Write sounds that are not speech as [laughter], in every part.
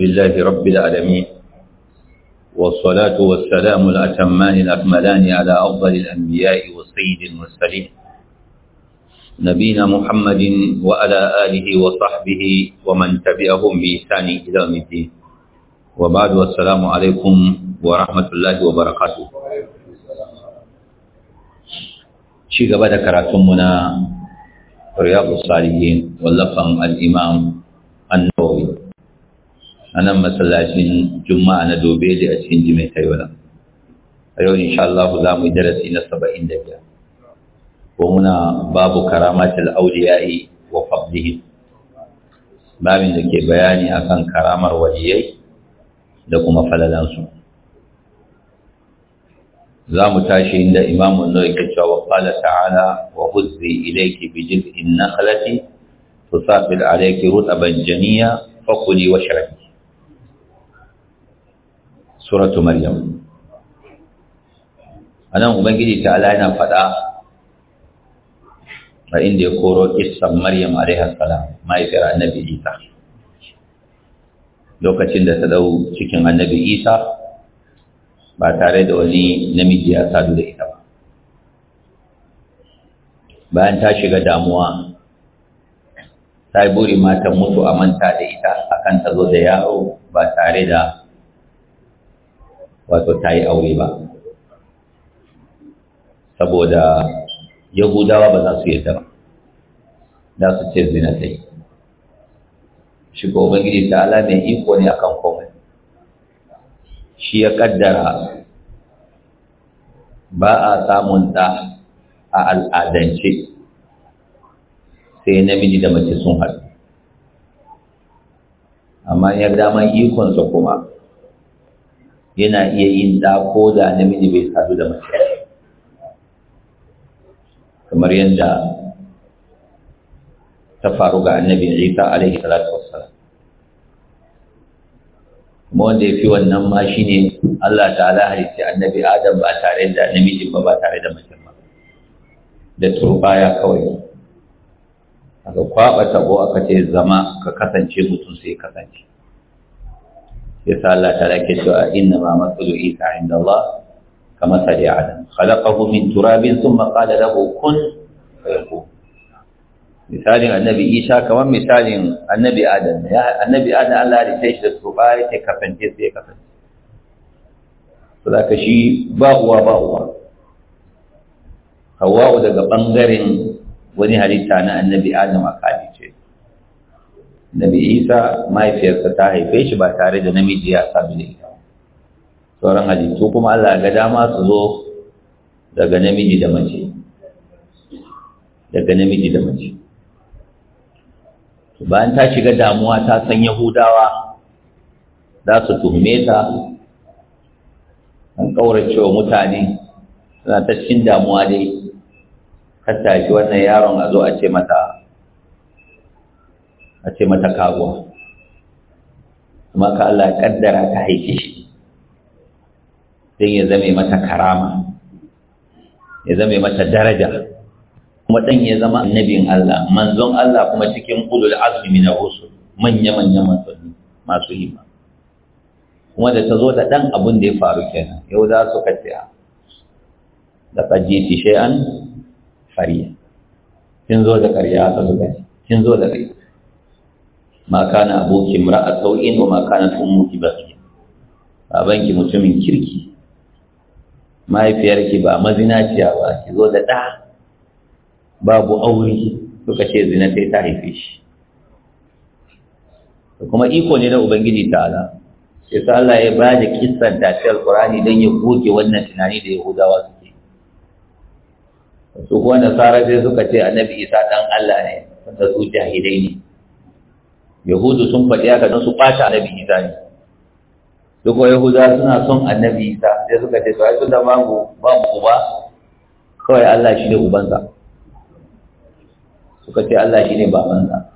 لله رب العالمين والصلاة والسلام الأتمان الأكملان على أفضل الأنبياء والسيد المرسلين نبينا محمد وعلى آله وصحبه ومن تبعهم بإحسان إلى يوم الدين وبعد والسلام عليكم ورحمة الله وبركاته شيخ بدأ كراتمنا رياض الصالحين واللفظ الإمام a nan masallacin juma'a na dobe da a cikin jimai ta yau a yau insha Allah za mu yi darasi na saba'in da biyar ko muna babu karamatul auliya'i wa fadlihim babin da ke bayani akan karamar waliyai da kuma falalansu za mu tashi inda imamun nawa ke cewa qala ta'ala wa huzzi ilayki bi jiz'in nakhlati tusafil alayki rutaban janiya fakuli washrabi suratu maryam anan ubangiji ta ala yana faɗa a inda ya koro kissan maryam alaihi salam mahaifiyar annabi isa lokacin da ta dau cikin annabi isa ba tare da wani namiji ya sadu da ita ba bayan ta shiga damuwa ta yi buri matan mutu a manta da ita akan ta zo da yaro ba tare da wato ta yi aure ba saboda yahudawa ba za su yi ta ba za su ce zina ta yi shi ko ubangiji ta ala mai iko ne akan komai shi ya kaddara ba a samun ta a al'adance sai namiji da mace sun haɗu amma ya dama ikonsa kuma yana iya yin ɗa ko da namiji bai sadu da mace kamar yadda ta faru ga annabi isa alaihi salatu wassalam kuma wanda ya fi wannan ma shi ne Allah ta'ala halitta annabi adam ba tare da namiji ba ba tare da mace ba da turbaya kawai aka kwaɓa tabo aka ce zama ka kasance mutum sai kasance yasa Allah ta rake cewa inna ma matsalu isa inda Allah kama sali adam khalaqahu min turabin thumma qala lahu kun fayakun misalin annabi isa kamar misalin annabi adam ya annabi adam Allah ya rike shi da turba yake kasance sai ya kasance saboda shi ba uwa ba uwa hawa'u daga bangaren wani halitta na annabi adam a kadi nabi isa mahaifiyarsa ta haife shi ba tare da namiji ya sami da ita sauran hadisu kuma allah ga dama su zo daga namiji da mace daga namiji da mace bayan ta shiga damuwa ta san yahudawa za su tuhume ta an ƙauracewa mutane suna ta cikin damuwa dai kasta shi wannan yaron a zo a ce mata a ce mata karuwa kuma ka Allah kaddara ta haife shi don ya zame mata karama ya zame mata daraja kuma dan ya zama annabin Allah manzon Allah kuma cikin ulul azmi min rusul manya manyan manzanni masu himma kuma da ta zo da dan abun da ya faru kenan yau za su kace da shi shay'an fariya kin zo da ƙarya ta zuba kin zo da ƙarya ma kana aboki mura'a sau'in wa ma kanat ummuki baqiya babanki mutumin kirki mahaifiyarki ba mazinaciya ba ki zo da ɗa babu aure suka ce zina sai ta haife shi kuma iko ne na ubangiji ta'ala sai sa Allah ya ba da kissan tafiyar Qur'ani don ya goge wannan tunani da yahudawa suke su kuwa nasara sai suka ce annabi isa ɗan Allah ne wanda su jahilai ne yahudu sun faɗi haka don su ɓata annabi isa ne duk wa yahuda suna son annabi isa sai suka ce to ai tunda babu babu uba kawai Allah shi ne ubansa suka ce Allah shi ne babansa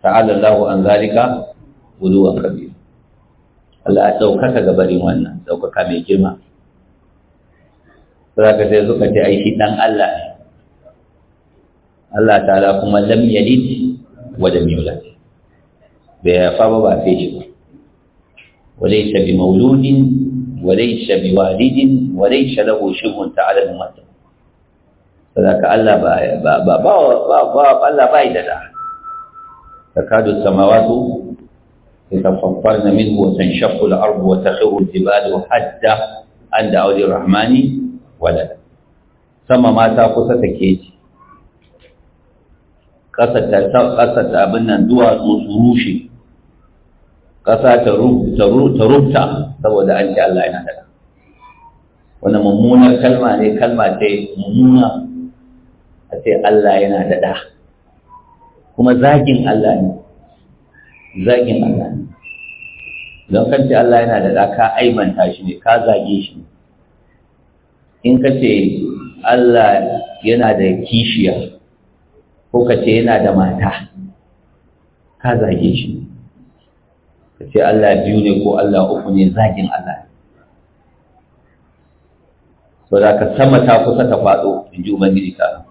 ta'ala Allahu an zalika wa kabir Allah ya ɗaukaka gabarin wannan ɗaukaka mai girma saboda sai suka ce ai shi dan Allah ne Allah ta'ala kuma lam yalid wa lam yulad bai haifa ba ba sai shi ba wadai shabi mauludin wadai shabi walidin wadai shalahu shigun ta alal mata Allah ba ba ba ba ba Allah ta kadu samawatu ita fanfar na min wasan shafu la'arbu wa ta khiru zibadu hadda an da audi rahmani wadada sama mata kusa take ce ƙasa ta ƙasa ta abin nan duwatsu su rushe ƙasa ta rubta saboda an ce Allah yana daga Wani mummunar kalma ne kalma ce mummuna a ce Allah yana da kuma zagin Allah ne zagin Allah ne don kan ce Allah yana da ka aibanta shi ne ka zage shi ne in ka ce Allah yana da kishiya ko ka ce yana da mata ka zage shi ka ce Allah biyu ne ko Allah uku ne zagin Allah so da ka sama ta kusa ta faɗo in ji ubangiji ta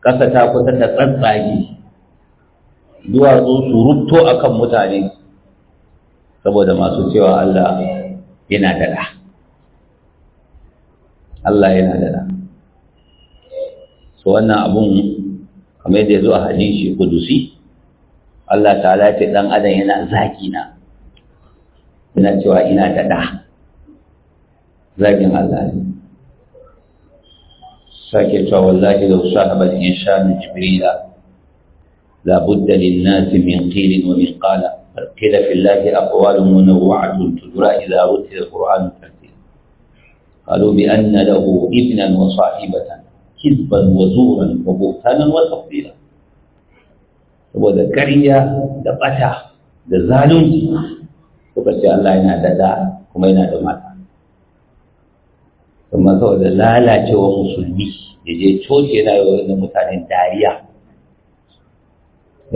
ƙasa ta kusa ta tsatsage duwatsu su rubto akan mutane saboda masu cewa Allah yana da da Allah yana da da so wannan abun kamar yadda ya zo a hadisi kudusi Allah ta'ala ce dan adam yana zaki na yana cewa ina da da zakin Allah ne sake cewa wallahi da sahaba al-insanu jibrila la budda lin-nasi min qilin wa min qala قيل في الله أقوال منوعة تدرى إذا رتل القرآن ترتيلا قالوا بأن له ابنا وصاحبة كذبا وزورا وبهتانا وتفضيلا saboda ƙarya da ɓata da zalunci suka ce Allah yana da da kuma yana da mata kuma saboda lalacewa musulmi ya je coci yana yi wani mutanen dariya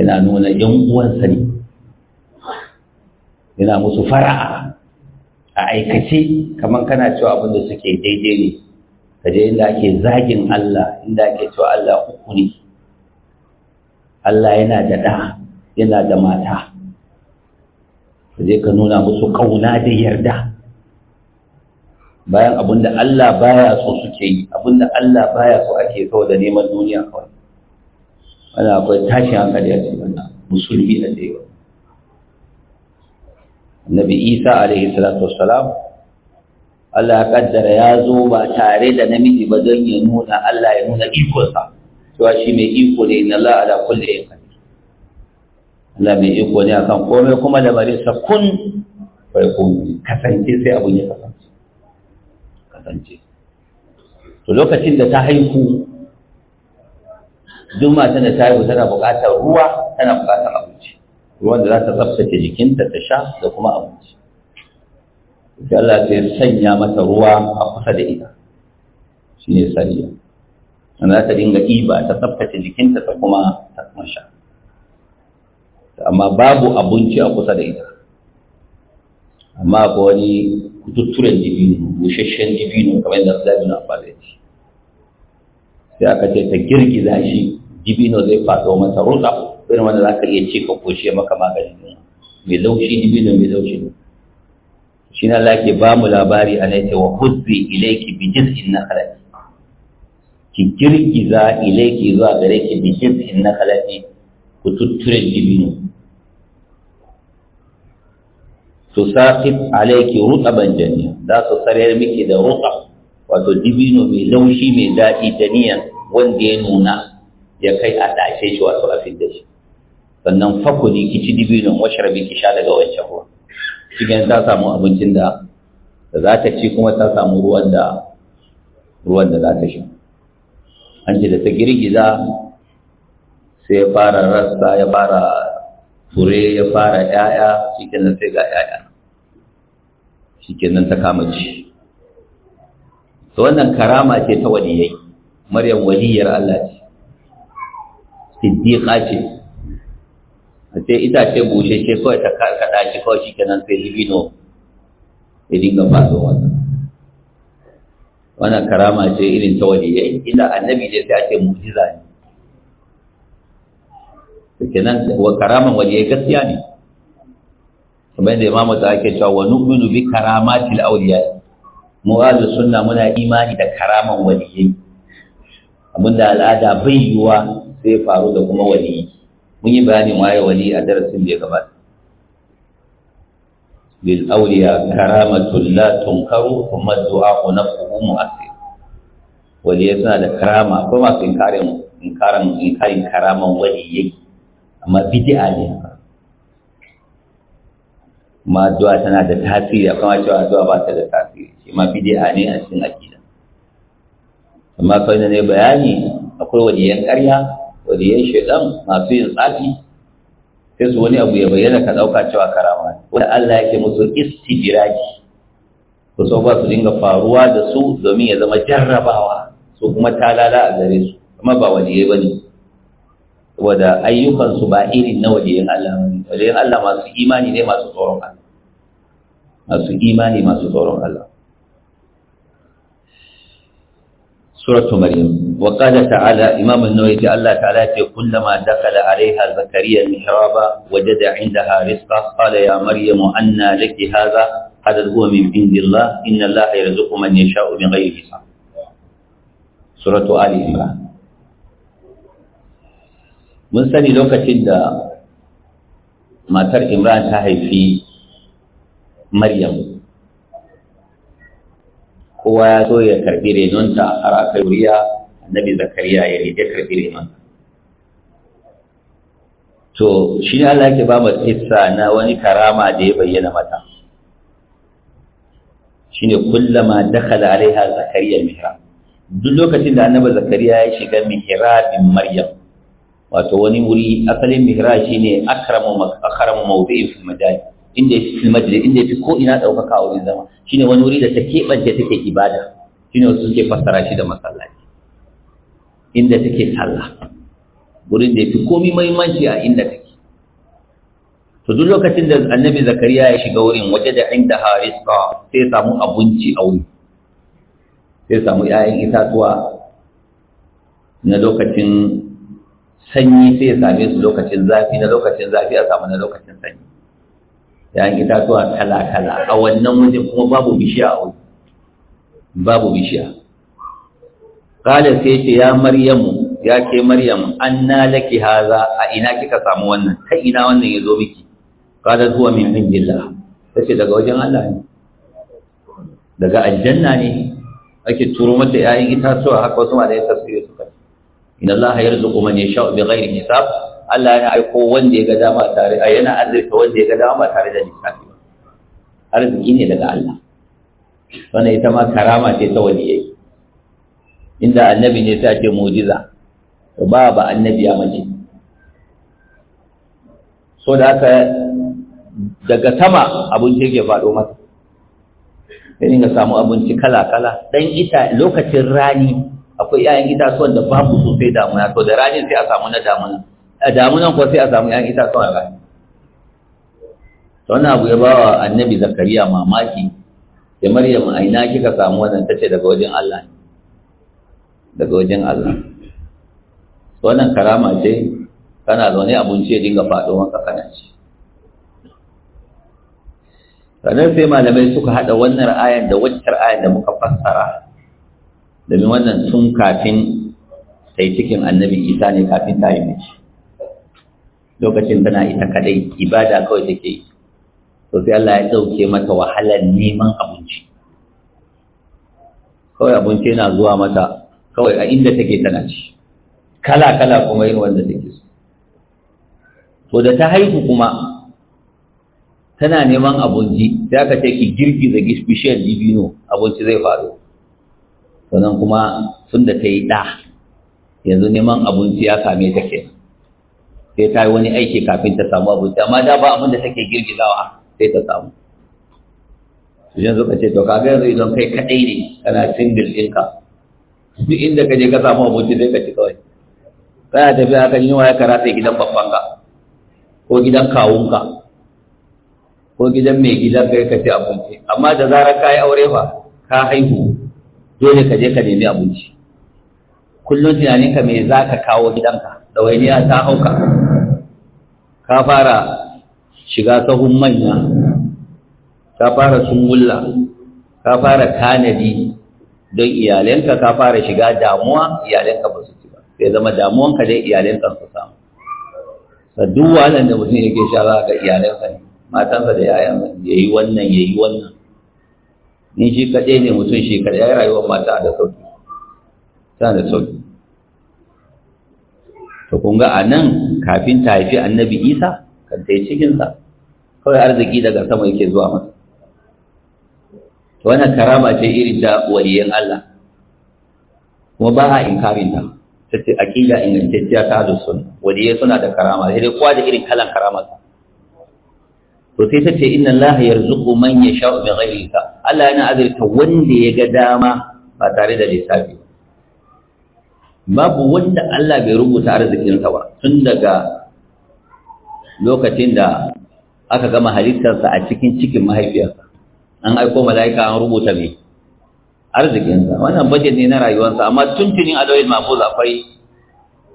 yana nuna yan uwansa ne yana musu fara'a a aikace kamar kana cewa abin da suke daidai ne kaje inda ake zagin Allah inda ake cewa Allah uku ne Allah yana da ɗa yana da mata kaje ka nuna musu kauna da yarda bayan abinda Allah baya so suke yi abinda Allah baya so ake kawai da neman duniya kawai wannan akwai tashin hankali a cikin wannan musulmi da tsaye annabi isa alaihi salatu wassalam Allah ya kaddara ya zo ba tare da namiji ba don ya nuna Allah ya nuna ikonsa cewa shi mai iko ne na Allah ala kulle ya qadir Allah mai iko ne akan komai kuma da bare sa kun bai yakun kasance sai abun ya kasance kasance to lokacin da ta haihu duk matan da ta haihu tana buƙatar ruwa tana buƙatar abinci ruwan da za ta tsaftace jikinta ta sha da kuma abinci sai Allah sai sanya mata ruwa a kusa da ita shi ne sariya sannan za ta dinga iba ta tsaftace jikinta ta kuma ta masha amma babu abinci a kusa da ita amma ko wani kututturen dibino busasshen dibino kamar yadda Allah bin Abbas ya ce sai aka ce ta girgiza shi dibino zai faɗo mata rusa irin wanda za ka iya ce ka koshe maka maganin mai laushi dibino mai laushi ne shi na Allah ke ba mu labari a nai wa huzzi ilaiki bi jiz'in nakhlati ki girgiza ilaiki zuwa gare ki bi jiz'in nakhlati ku tutture dibino to saqit alayki rutaban janiya za su sarar miki da rutab wato jibinu mai laushi mai daɗi janiya wanda ya nuna ya kai a ɗashe shi wato a fidda shi sannan fakuli ki ci dibinon washar ki sha daga wancan ruwa cikin ta samu abincin da za ta ci kuma ta samu ruwan da za ta sha an ce da ta girgiza sai ya fara rasta ya fara fure ya fara ‘ya'ya cikin nan sai ga ‘ya'ya cikin nan ta kama ci to wannan karama ce ta waliyai maryam waliyar Allah ce siddiqa ce a ce itace ce kawai ta karkada shi kawai shi kenan sai libino ya dinga faso wata. wannan karama ce irin ta waje ya ila annabi ne sai ake mu'jiza ne to kenan wa karaman waje gaskiya ne kuma yadda imamu ta ake cewa wa nu'minu bi karamatil awliya mu ahlu sunna muna imani da karaman waliyyi abinda al'ada bai yiwa sai faru da kuma waliyyi mun yi bayanin waye wali a darasin da ya gabata lil awliya karamatul la tunkaru kuma du'a mu mu'assir wali suna da karama ko masu inkarin inkarin inkarin karaman wali yake amma bid'a ne ma addu'a tana da tasiri a kuma cewa addu'a ba ta da tasiri shi ma bid'a ne a cikin aqida amma kai ne bayani akwai waliyan ƙarya waliyan shaidan masu yin tsafi sai su wani abu ya bayyana ka ɗauka cewa karama wanda Allah yake musu istijiraki ku sau ba su dinga faruwa da su domin ya zama jarrabawa su kuma talala a gare su kuma ba waliyai ba ne saboda ayyukansu ba irin na waliyan Allah ba ne waliyan Allah masu imani ne masu tsoron Allah masu imani masu tsoron Allah suratu maryam wa qala ta'ala imam an-nawawi Allah ta'ala ce kullama dakala alaiha zakariya mihraba wajada indaha rizqa qala ya maryamu anna laki hadha qad huwa min indillah inna Allah yarzuqu man yasha'u bighayri hisab suratu ali imran mun sani lokacin da matar imran ta haifi maryam kowa ya zo ya karbi renonta har aka wuriya annabi zakariya ya rike karbi renon to shi ne Allah ke ba mu kissa na wani karama da ya bayyana mata shine kullama dakhala alaiha zakariya mihra duk lokacin da annabi zakariya ya shiga bin maryam wato wani wuri asalin mihira shine akramu akramu mawdi'in fi inda ya fi majlis inda ya fi ko ina ɗaukaka a wurin zama shine wani wuri da ta keɓance take ibada shine wasu suke fassara shi da masallaci inda take sallah wurin da ya fi komi mahimmanci a inda take to duk lokacin da annabi zakariya ya shiga wurin waje da inda hariska sai samu abinci a wuri sai samu 'ya'yan itatuwa na lokacin sanyi sai ya same su lokacin zafi na lokacin zafi a samu na lokacin sanyi ‘ya'yan itatuwa kala-kala a wannan wajen kuma babu bishiya a wani babu bishiya kala sai ce ya maryamu ya ke maryamu anna laki haza a ina kika samu wannan ta ina wannan ya zo miki kala zuwa min indillah ce daga wajen Allah ne daga aljanna ne ake turo mata ‘ya'yan itatuwa haka wasu ma da ya tasiri suka Ina Allah ya kuma ne sha'u bi ghairi hisab Allah yana aiko wanda ya ga dama tare a yana azurta wanda ya ga dama tare da lissafi ba arziki ne daga Allah wannan ita ma karama ce ta wani yayi inda annabi ne sai ake mu'jiza ba ba annabi ya mace so da haka daga sama abinci yake faɗo masa sai ka samu abinci kala-kala dan ita lokacin rani akwai 'ya'yan su wanda babu sosai damuna to da rani sai a samu na damuna a damunan kuwa sai a samu ‘yan ita a rani wannan abu ya ba wa annabi zakariya mamaki da maryam a ina kika samu wannan tace daga wajen Allah daga wajen Allah wannan karama ce kana zaune abinci ya dinga faɗo maka kana ci sannan sai malamai suka haɗa wannan ayan da waccar ayan da muka fassara domin wannan sun kafin sai cikin annabi isa ne kafin ta yi mace lokacin tana ita kadai ibada kawai take yi to sai Allah ya dauke mata wahalar neman abinci kawai abinci yana zuwa mata kawai a inda take tana ci kala kala kuma irin wanda take so to da ta haihu kuma tana neman abinci sai aka ce ki da bishiyar dibino abinci zai faru sannan kuma sun da ta yi ɗa yanzu neman abinci ya same ta kenan sai ta yi wani aiki kafin ta samu abinci amma da ba abin da take girgizawa sai ta samu su yanzu ka ce to ka ga yanzu idan kai kaɗai ne kana single ɗinka duk inda ka je ka samu abinci sai ka ci kawai kana tafiya kan yi ya karata gidan babbanka ko gidan kawunka ko gidan mai gidan kai ka ci abinci amma da zarar ka yi aure fa ka haihu dole ka je ka nemi abinci kullum tunaninka me za ka kawo gidanka ɗawainiya ta hauka ka fara shiga sahun manya ka fara sungulla ka fara tanadi don iyalenka ka fara shiga damuwa iyalenka ba su ci ba sai zama damuwanka dai iyalenka su samu ka duk wahalar da mutum yake sha za ga iyalenka ne matansa da yayan ya yi wannan ya yi wannan ni shi kaɗai ne mutum shi kaɗai ya yi rayuwar mata da sauki da sauki to kun anan kafin ta haifi annabi isa kan ta yi cikinsa kawai arziki daga sama yake zuwa masa to wannan karama ce irin da waliyan Allah kuma ba a inkarin ta tace aqida ingantacciya ta ahlus sunna waliyai suna da karama sai dai kowa da irin kalan karama ta to sai tace inna Allah yarzuqu man yasha'u bi ghairi Allah yana azurta wanda ya ga dama ba tare da lissafi ba babu wanda Allah bai rubuta arzikinsa ba tun daga lokacin da aka gama halittarsa a cikin cikin mahaifiyarsa an aiko mala'ika an rubuta mai arzikinsa wannan bajet ne na rayuwarsa amma tun tunin adawil mafuz akwai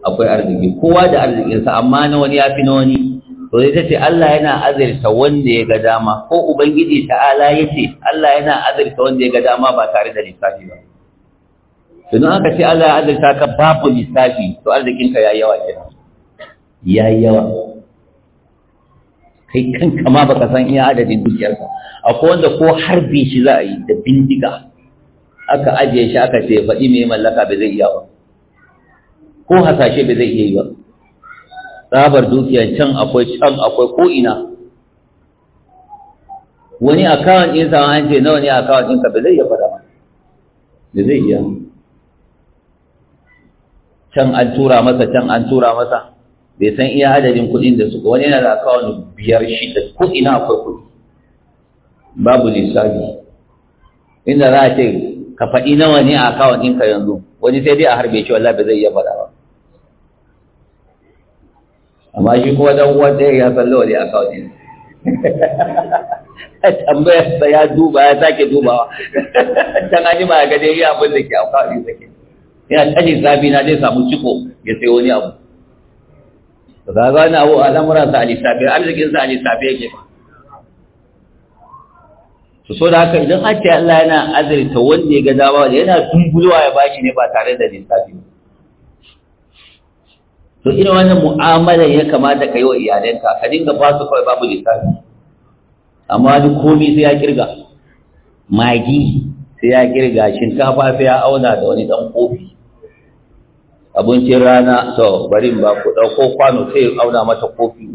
akwai arziki kowa da arzikinsa amma na wani ya fi na wani to ita ce Allah yana azirta wanda ya ga dama ko ubangiji ta'ala yace Allah yana azirta wanda ya ga dama ba tare da lissafi ba idan aka ce Allah ya azurta ka babu lissafi to arzikinka ya yi yawa ke ya yi yawa kai kanka ma baka san iya adadin dukiyarka akwai wanda ko harbi shi za a yi da bindiga aka ajiye shi aka ce faɗi mai mallaka bai zai iya ba ko hasashe bai zai iya yi ba tsabar dukiya can akwai can akwai ko ina wani akawun ɗinsa an ce nawa ne akawun ɗinka Bai zai iya faɗa ba bai zai iya can an tura masa can an tura masa bai san iya adadin kuɗin da suka wani yana da akawun biyar shi da ko ina akwai kuɗi babu lissafi inda za a ce ka faɗi nawa ne a akawun ɗinka yanzu wani sai dai a harbe shi wallahi ba zai iya faɗa ba amma shi kuma dan uwan ɗaya ya san lawa ne akawun ɗinsa [laughs] tambayarsa ya duba ya sake dubawa [laughs] can an yi ma ga dai abin da ke akawun ɗinsa sake yana ta lissafi na zai samu ciko ya sai wani abu to ga gani abu lamuran sa a lissafi arzikin sa a lissafi yake ba su so da haka idan an ce Allah yana azurta wanda ya ga dama da yana dumbulwa ya bashi ne ba tare da lissafi ba to ina wannan mu'amalar ya kamata ka yi wa iyalanka ka dinga ba su kawai babu lissafi amma duk komi sai ya kirga magi sai ya kirga shinkafa sai ya auna da wani dan kofi abincin rana to bari ba ku ɗauko kwano sai auna mata kofi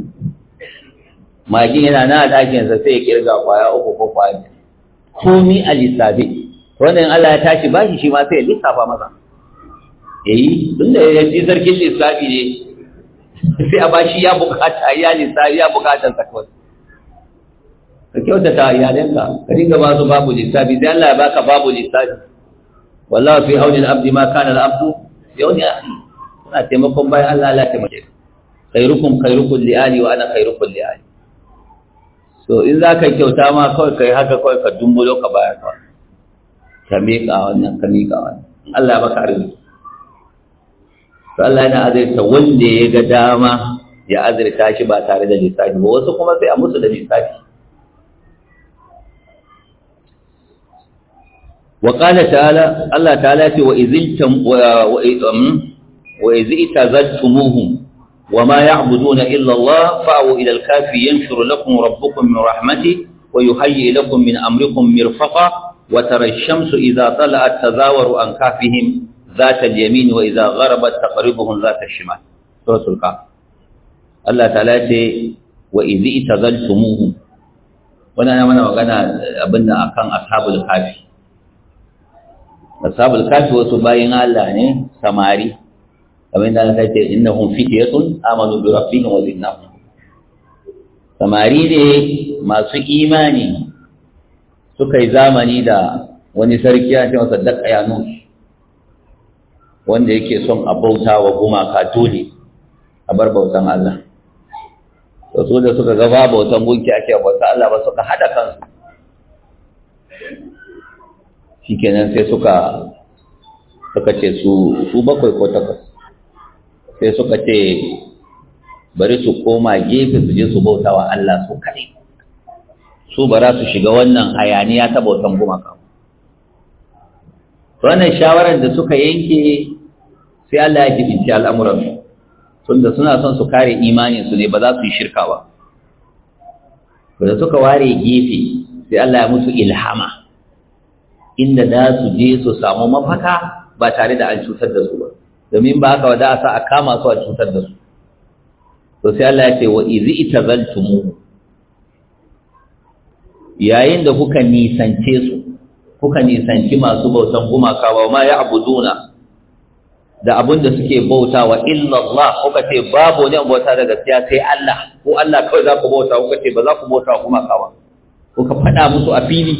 magin yana na sa sai ya kirga kwaya uku ko kwaya komi a lissafi wannan Allah ya tashi bashi shi ma sai ya lissafa masa eh tun da ya ji sarkin lissafi ne sai a bashi ya bukata ya lissafi ya bukata sa kawai ka kyautata iyalanka ka dinga ba su babu lissafi sai Allah ya baka babu lissafi wallahi fi auni al-abdi ma kana al-abdu yawniya kuna taimakon bayan Allah Allah taimake khairukum khairukum li ali wa ana khairukum li ali so in za ka kyauta ma kawai kai haka kawai ka dumbulo ka baya ka ka miƙa wannan ka miƙa wannan Allah ya maka arziki to Allah yana azirta wanda ya ga dama ya azirta shi ba tare da lissafi ba wasu kuma sai a musu da lissafi wa qala ta'ala ce wa iziltum wa um, izi tazatumuhum wa ma ya'buduna illa Allah fa'u ila al-kafi yanshuru lakum rabbukum min rahmatihi wa yuhayyi lakum min amrikum mirfaqa wa tara ذات اليمين وإذا غربت تقربهم ذات الشمال سورة الكهف الله تعالى وإذ اتذلتموهم wannan ya mana magana eh, abin da akan ashabul kafi ashabul kafi wasu bayin Allah ne samari kamar da aka ce innahum fityatun amanu bi rabbihim wa na. samari ne masu imani suka yi zamani da wani sarki ya ce masa dak ayanus wanda yake son a bauta wa gumaka dole a bar bautan Allah da su da suka gaba bautan gunki ake bauta Allah ba suka haɗa kansu shikenan sai suka suka ce su su bakwai ko takwas sai suka ce bari su koma gefe su je su bauta wa Allah su kaɗai su ba za su shiga wannan hayaniya ta bautan gumaka wannan shawarar da suka yanke sai Allah ya jibinci al'amuran tunda suna son su kare imanin su ne ba za su yi shirka ba da suka ware gefe sai Allah ya musu ilhama inda za su je su samu mafaka ba tare da an cutar da su ba domin ba haka wada sa a kama su a cutar da su to sai Allah ya ce wa izi itazaltumu yayin da kuka nisance su kuka nisanci masu bautan gumaka ba ma ya'buduna da abin da suke bautawa illa Allah kuka ce babu ne bauta da gaskiya sai Allah ko Allah kawai za ku bauta kuka ce ba za ku bauta gumaka ba kuka faɗa musu a fili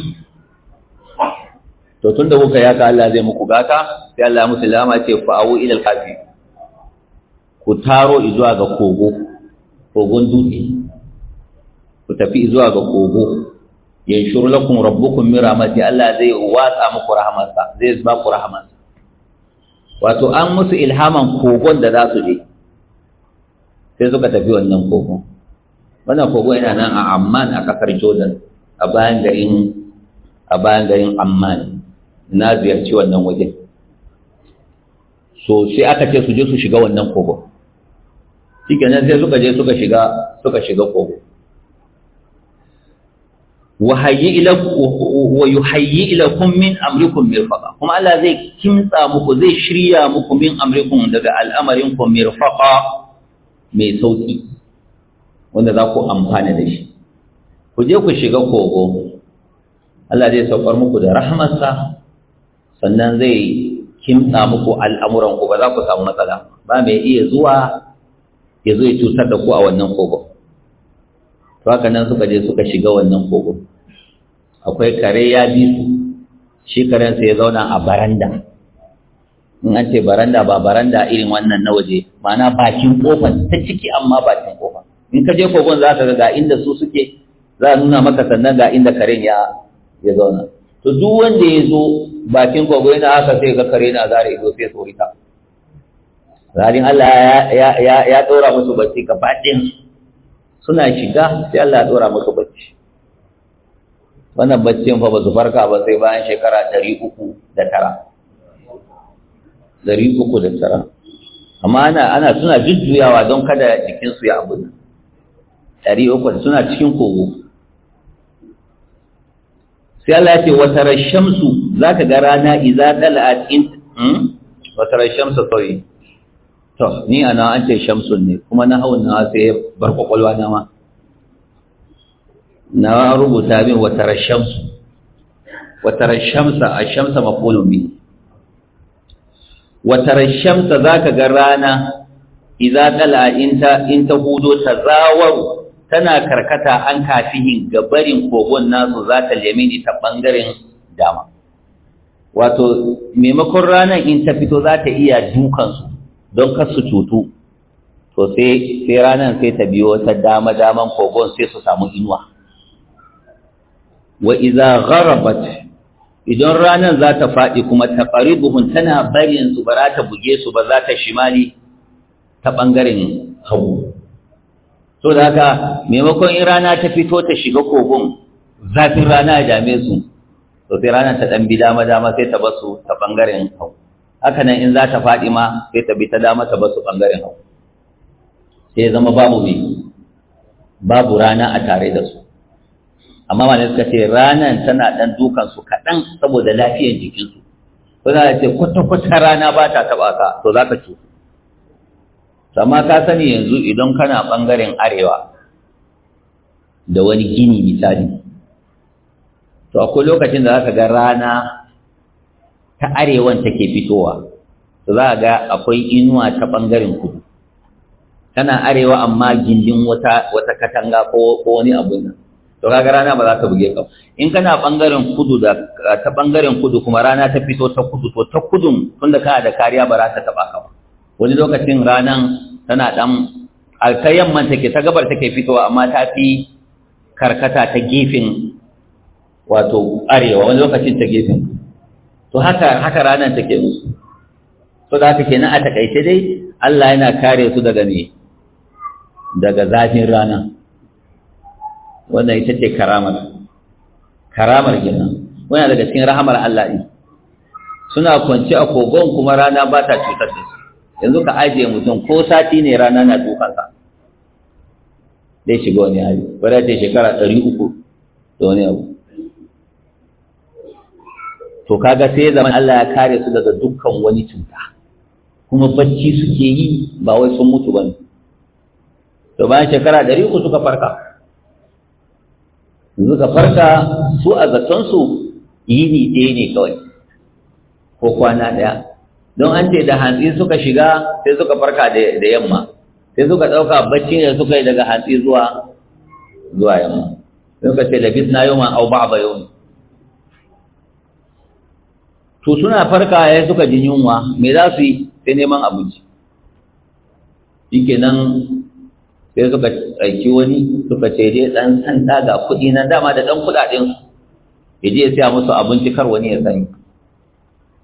to tunda kuka yaka Allah zai muku gata sai Allah musu lama ce fa'u ila al-hafi ku taro zuwa ga kogo kogon dutse ku tafi zuwa ga kogo yanshur lakum rabbukum min rahmati Allah zai watsa muku rahmansa zai ba ku rahmansa wato an musu ilhaman kogon da za su je sai suka tafi wannan kogo. wannan kogo yana nan a amman a kasar jordan a bayan garin a bayan garin amman na ziyarci wannan wajen so sai aka ce su je su shiga wannan kogo shikenan sai suka je suka shiga suka shiga kogo wa yuhayyi ilakum min amrikum mirfaqa kuma Allah zai kimtsa muku zai shirya muku min amrikum daga al'amarin ku mirfaqa mai sauki wanda za ku amfana da shi ku je ku shiga kogo Allah zai saukar muku da rahamarsa. sannan zai kimsa muku al'amuran ku ba za ku samu matsala ba mai iya zuwa ya zo ya cutar da ku a wannan kogon to haka nan suka je suka shiga wannan kogon akwai kare ya bi su shi sai ya zauna a baranda in an ce baranda ba baranda irin wannan na waje ma'ana bakin kofan ta ciki amma bakin kofan in ka je kogon za ka ga inda su suke za a nuna maka sannan ga inda karen ya zauna to duk wanda ya zo bakin kogo yana haka sai ga kare na zare ido sai tsorita zarin Allah ya ɗora musu bacci gabaɗin suna shiga sai Allah ya ɗora musu bacci wannan baccin fa ba su farka ba sai bayan shekara ɗari uku da tara ɗari uku da tara amma ana ana suna jujjuyawa don kada jikinsu ya abu ɗari uku suna cikin kogo sai Allah ya ce wa tarar shamsu zaka ga rana idza tala'at in hmm? wa tarar shamsu sorry to ni ana an ce shamsun ne kuma na hau na sai bar kwakwalwa na ma na rubuta min wa tarar shamsu wa shamsa a shamsa maqulun bi wa tarar shamsa zaka ga rana idza tala'at in ta hudo ta zawaru tana karkata an kafihin ga barin kogon nasu za ta lamini ta ɓangaren dama wato maimakon ranar in ta fito za ta iya dukansu don kasu cutu to sai ranar sai ta biyo ta dama-daman kogon sai su samu inuwa wa iza gharabat idan ranar za ta faɗi kuma ta buhun tana barin su ba za ta buge su ba za ta shimali ta ɓangaren hagu so da haka maimakon in rana ta fito ta shiga kogon zafin rana ya dame su to sai rana ta dan bi dama dama sai ta basu ta bangaren hau haka nan in za ta faɗi ma sai ta bi ta dama ta basu bangaren hau sai ya zama babu mai babu rana a tare da su amma ma suka ce ranan tana dan dukan su kaɗan saboda lafiyar jikinsu ko za a ce kwata-kwata rana ba ta taɓa ka to za ka cutu amma ka sani yanzu idan kana ɓangaren arewa da wani gini misali to akwai lokacin da za ka ga rana ta arewan take fitowa to za ga akwai inuwa ta ɓangaren kudu tana arewa amma gindin wata wata katanga ko wani abun nan to kaga rana ba za ta buge ka in kana ɓangaren kudu da ta ɓangaren kudu kuma rana ta fito ta kudu to ta kudun tunda kana da kariya ba za ta taɓa ka ba wani lokacin ranan tana dan ta yamman take ta gabar take fitowa amma ta fi karkata ta gefen wato arewa wani lokacin ta gefen to haka haka ranan take musu to da take na a takaice dai Allah yana kare su daga ne daga zafin rana wannan ita ce karamar karamar gina wani daga cikin rahamar Allah ne suna kwanci a kogon kuma rana ba ta cutar da su yanzu ka ajiye mutum ko sati ne rana na dukanka zai shiga wani hali wadda ce shekara ɗari uku da wani abu to kaga sai zaman Allah ya kare su daga dukkan wani cuta kuma bacci suke yi ba wai sun mutu ba ne to bayan shekara ɗari uku suka farka yanzu ka farka su a zaton su yini ɗaya ne kawai ko kwana ɗaya don an ce da hantsi suka shiga sai suka farka da yamma sai suka ɗauka bacci ne suka yi daga hantsi zuwa zuwa yamma sai suka ce bis na yau ma au ba'a bayo to suna farka ya suka ji yunwa me za su yi sai neman abinci shi nan sai suka aiki wani suka ce dai ɗan sanda ga kuɗi na dama da ɗan kuɗaɗen su ya je ya siya musu abinci kar wani ya sani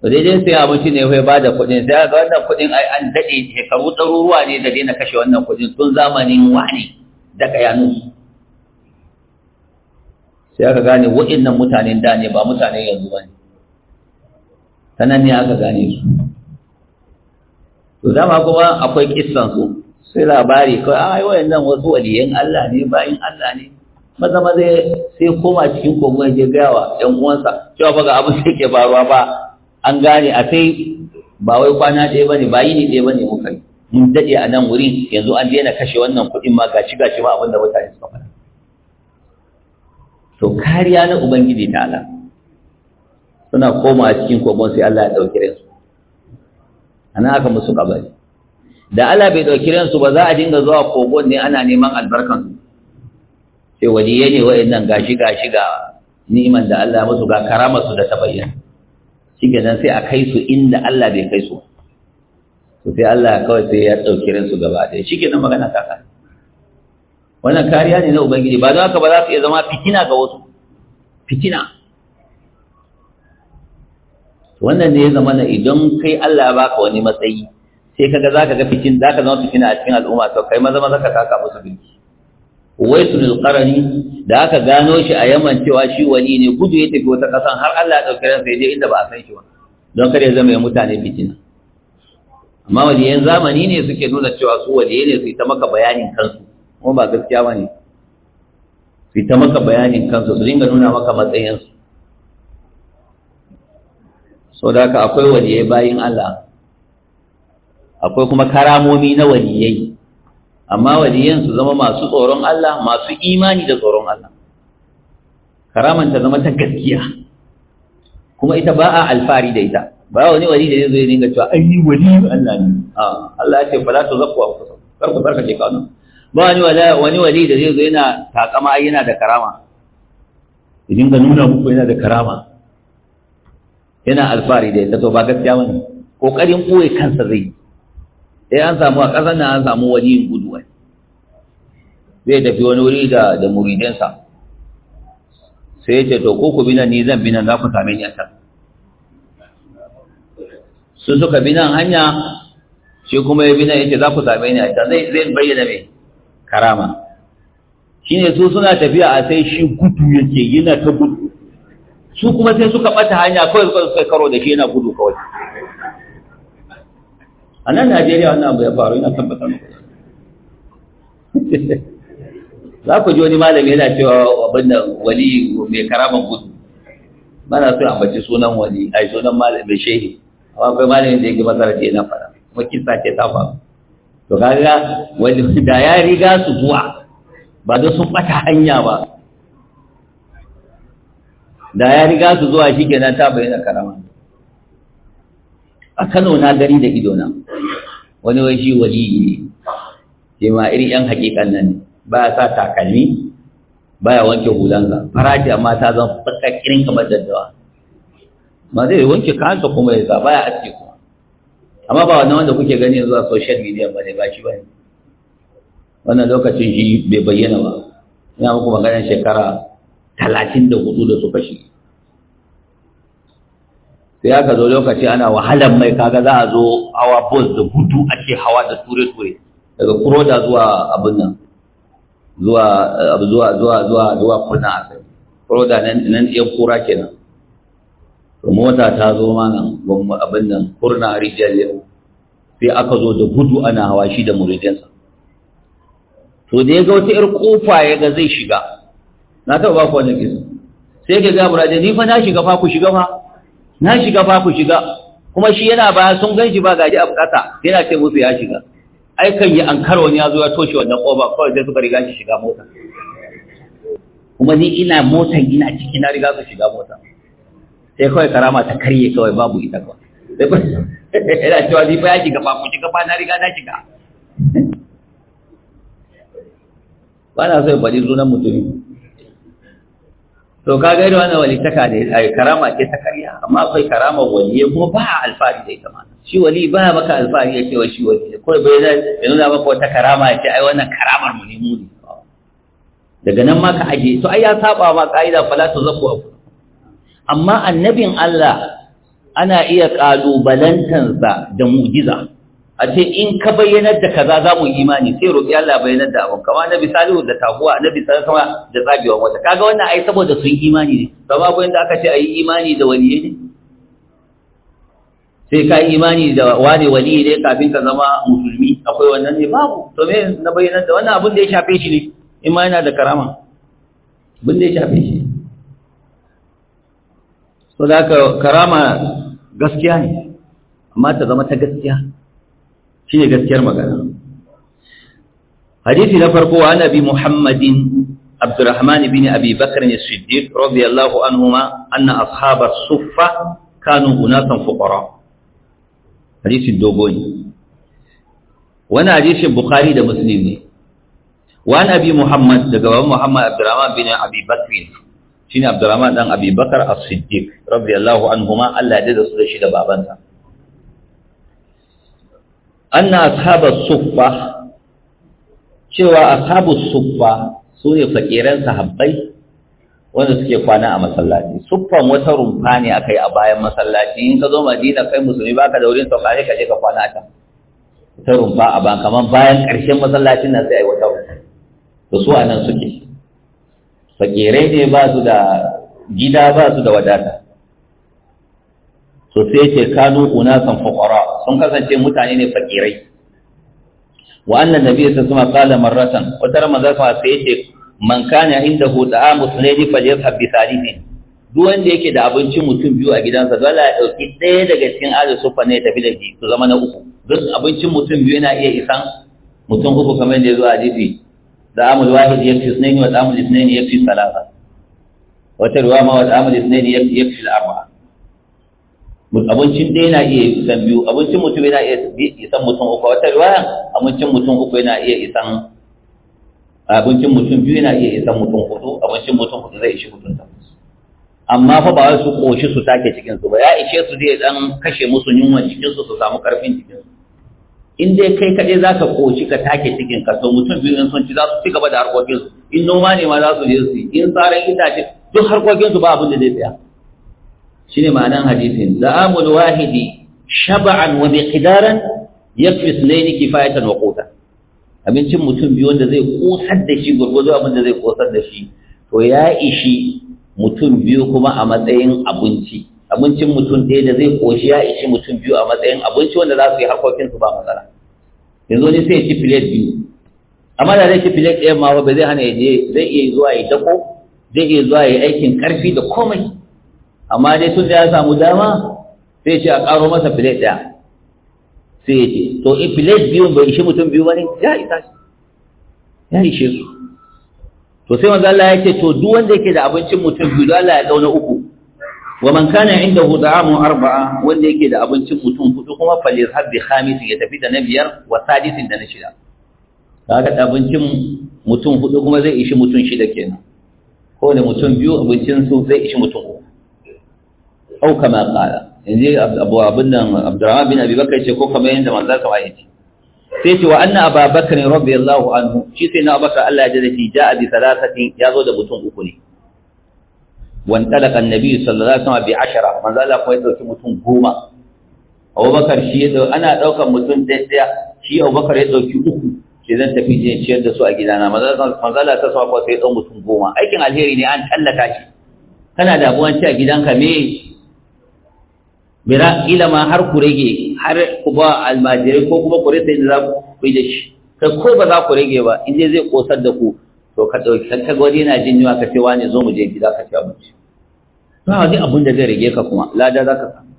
to dai dai sai abinci ne ya bada kuɗin sai ga wannan kuɗin ai an daɗe shekaru ɗaruruwa ne da daina kashe wannan kuɗin tun zamanin wani da kayanu sai aka gane waɗannan mutanen da ne ba mutanen yanzu ba ne sanan ne aka gane su to dama kuma akwai kissan su sai labari kawai ai wayannan wasu waliyan Allah ne bayin Allah ne maza maza sai koma cikin kogon ya gaya wa ɗan uwansa cewa ba ga abin da yake faruwa ba an gane a kai ba wai kwana ɗaya ne ba ne ɗaya ne muka yi mun daɗe a nan wurin yanzu an daina kashe wannan kuɗin ma gashi gashi ba abin da mutane suka faɗa to kariya na ubangiji ala suna koma cikin kogon sai Allah ya ɗauki ransu nan aka musu kabari da Allah bai ɗauki ransu ba za a dinga zuwa kogon ne ana neman albarkan sai ya ne nan gashi gashi ga ni'iman da Allah ya musu ga karamarsu da ta bayyana shi nan sai a kai su inda Allah bai kai su to sai Allah kawai sai ya ɗauki ransu gaba ɗaya shi nan magana ta ka? wannan kariya ne na ubangiji ba don haka ba za su iya zama fitina ga wasu fitina wannan ne ya zama na idan kai Allah ya baka wani matsayi sai kaga ka ga fitin ka zama fitina a cikin al'umma to kai maza maza ka taka musu binki? waisul Qarani da aka gano shi a yaman cewa shi wani ne gudu ya tafi wata kasan har Allah ya dauke ransa ya je inda ba a san shi ba don kada ya zama ya mutane fitina amma waliyan zamani ne suke nuna cewa su waliye ne su ta maka bayanin kansu kuma ba gaskiya ba ne su ta maka bayanin kansu su dinga nuna maka matsayinsu sau da haka akwai waliyai bayin Allah akwai kuma karamomi na waliyai amma waliyan su zama masu tsoron Allah masu imani da tsoron Allah karaman ta zama ta gaskiya kuma ita ba a alfari da ita ba wani wali da zai dinga cewa ai wali Allah ne a Allah ya ce fa la tuzakku anfusakum kar ku barka ke kanu ba wani wani wali da zai zo yana takama yana da karama idan dinga nuna muku yana da karama yana alfari da ita to ba gaskiya bane kokarin kuwaye kansa zai yi sai eh, an samu a ƙasar nan an samu wani yin gudu zai tafi wani wuri da da muridinsa sai ce to ko ku bi nan ni zan bi nan za ku same ni a can sun suka bi nan hanya shi kuma ya bi nan ya ce za ku same ni a can zai bayyana mai karama shi ne su suna tafiya a sai shi gudu yake yana ta gudu su kuma sai suka ɓata hanya kawai suka karo da shi yana gudu kawai a nan najeriya wannan abu ya faru ina tabbatar muku [laughs] za ku ji wani malami yana cewa abin da wali mai karaman gudu Bana na so ambaci sunan wali a sunan mai shehi amma akwai malamin da ya gaba sarar yana fara kuma kisa ce ta faru to kaga wani da ya riga su zuwa ba don sun bata hanya ba da ya riga su zuwa shi kenan ta bayyana karama a Kano na gari da ido na wani wai shi waliyi ne sai ma irin yan hakikan nan ba sa takalmi ba ya wanke hulansa faraji amma ta zan faka kirin kamar daddawa ma zai wanke kansa kuma ya sa baya aske kuma amma ba wannan wanda kuke gani zuwa a social media ba ne ba shi ba ne wannan lokacin shi bai bayyana ba ina muku maganar shekara talatin da hudu da suka shi. sai aka zo lokaci ana wahalan mai kaga za a zo awa bus da gudu ake hawa da ture-ture daga kuroda zuwa abin nan zuwa eh, zuwa zuwa zuwa zuwa kuna kai kuroda nan nan ɗan kura kenan to mota ta zo ma nan gwamma abin nan kurna rijiyar yau sai aka zo da gudu ana hawa shi da muridinsa to da ya ga wata 'yar kofa ya ga zai shiga na taɓa ba ku wannan kisa sai ke ga murajin ni fa na shiga fa ku shiga fa na shiga ba ku shiga kuma shi yana baya sun gan shi ba gaji a bukata yana ce musu ya shiga ai kan yi an karo ne ya zo ya toshe wannan kofa kawai sai suka riga shi shiga mota kuma ni ina mota ina ciki na riga su shiga mota sai kawai karama ta karye kawai babu ita kawai sai ba [laughs] yana cewa ni ba ya shiga ba ku shiga ba na riga na shiga [laughs] ba na so ya faɗi sunan mutumin to ka ga irin wannan walitaka ne ai karama ce ta kariya amma akwai karama waliye kuma ba alfari da ita ma shi wali ba maka alfari ya ce wa shi wali ko bai da ya nuna maka wata karama ya ce ai wannan karamar mu ne mu ne daga nan ma ka aje to ai ya saba ma ka'ida fala to zaku abu amma annabin Allah ana iya kalubalantansa da mu'jiza a ce in ka bayyanar da kaza za mu imani sai roƙi Allah bayyanar da abin kama na bisali da taguwa na bisali sama da tsagewa wata kaga wannan ai saboda sun imani ne kama ko yanda aka ce ayi imani da wani ne sai ka imani da wani wali ne kafin ka zama musulmi akwai wannan ne babu to me na bayyanar da wannan abin da ya shafe shi ne in ma yana da karama abin da ya shafe shi to da karama gaskiya ne amma ta zama ta gaskiya shi ne gaskiyar magana hadisi na farko wa nabi muhammadin abdurrahman bin abi bakr ne siddiq radiyallahu anhuma anna ashabar suffa kanu unasan fuqara hadisi dogo wani hadisin bukhari da muslim ne wa nabi muhammad daga baban muhammad abdurrahman bin abi bakr shine abdurrahman dan abi bakr as-siddiq radiyallahu anhuma Allah ya dade su da shi da babansa anna ashabu suffa cewa ashabu suffa su ne fakiran sahabbai wanda suke kwana a masallaci suffan wata rumfa ne akai a bayan masallaci in ka zo madina kai musulmi baka da wurin sauka ka ka kwana ta ta rumfa a ban kamar bayan ƙarshen masallacin nan sai ai wata rumfa to su anan suke fakirai ne ba su da gida ba su da wadata to sai ce kanu unasan fuqara sun kasance mutane ne fakirai wa annan nabi ya sasuma kala marratan wata ramaza fa sai yace man kana indahu ta'amu fa falyadhhab bi salihi duk wanda yake da abincin mutum biyu a gidansa dole ya dauki ɗaya daga cikin azu sufa ne tafi da shi su zama na uku duk abincin mutum biyu yana iya isan mutum uku kamar da ya zo a da da'amul wahid yakfi sunaini wa da'amul ya fi salasa wata ruwa ma wa ne isnaini yakfi al-arba'a abincin ɗaya na iya isan biyu abincin mutum yana iya isan mutum uku wata riwaya abincin mutum uku yana iya isan abincin mutum biyu yana iya isan mutum hudu abincin mutum hudu zai ishi mutum takwas amma fa ba wai su koshi su take cikin su ba ya ishe su zai dan kashe musu yunwa cikin su su samu karfin cikin su in dai kai kaɗai za ka koshi ka take cikin ka to mutum biyu in sun ci za su ci gaba da harkokinsu in noma ne ma za su je su in tsarin itace duk harkokinsu ba abin da zai tsaya shine ma'anan hadisin la'amul wahidi shaba'an wa biqidaran yakfi sunaini kifayatan wa quta abincin mutum biyu wanda zai kosar da shi gurgudu abin da zai kosar da shi to ya ishi mutum biyu kuma a matsayin abinci abincin mutum ɗaya da zai koshi ya ishi mutum biyu a matsayin abinci wanda za su yi harkokinsu ba matsala yanzu wani sai ya ci filet biyu amma da zai ci filet ɗaya ma ba zai hana ya je zai iya zuwa ya dako zai iya zuwa ya aikin ƙarfi da komai amma dai tun da ya samu dama sai ce a ƙaro masa filet ɗaya sai ya ce to in filet biyun bai ishi mutum biyu ba ne ya isa shi ya ishe su to sai manzo Allah ya ce to duk wanda yake da abincin mutum biyu Allah ya dauna uku wa man kana indahu da'amu arba'a wanda yake da abincin mutum hudu kuma falyazhab bi khamis ya tafi da na biyar wa sadisin da na shida kaga da abincin mutum hudu kuma zai ishi mutum shida kenan ko da mutum biyu abincin su zai ishi mutum uku au kama qala yanzu abu abin nan Abdurrahman bin Abi Bakar yace ko kamar yanda manzo ka waye sai ce wa anna Abu radiyallahu anhu shi sai na Abu Allah ya jira shi ja'a bi salasati ya zo da mutum uku ne wan talaka annabi sallallahu alaihi wasallam bi ashara manzo Allah ko ya dauki mutum goma Abu shi ya dauki ana daukar mutum daya shi Abu ya dauki uku zan tafi je ciyar da su a gidana manzo Allah ta ko sai mutum goma aikin alheri ne an tallata shi kana da abuwan ci a gidanka me ila ma har ku rage har ku ba almajirai ko kuma ku rasa yadda za ku yi da shi kai ko ba za ku rage ba in dai zai kosar da ku to ka ɗauki ka ga wani yana jin yiwa ka ce wani zo mu je gida ka ci abinci ba wani abin da zai rage ka kuma lada za ka samu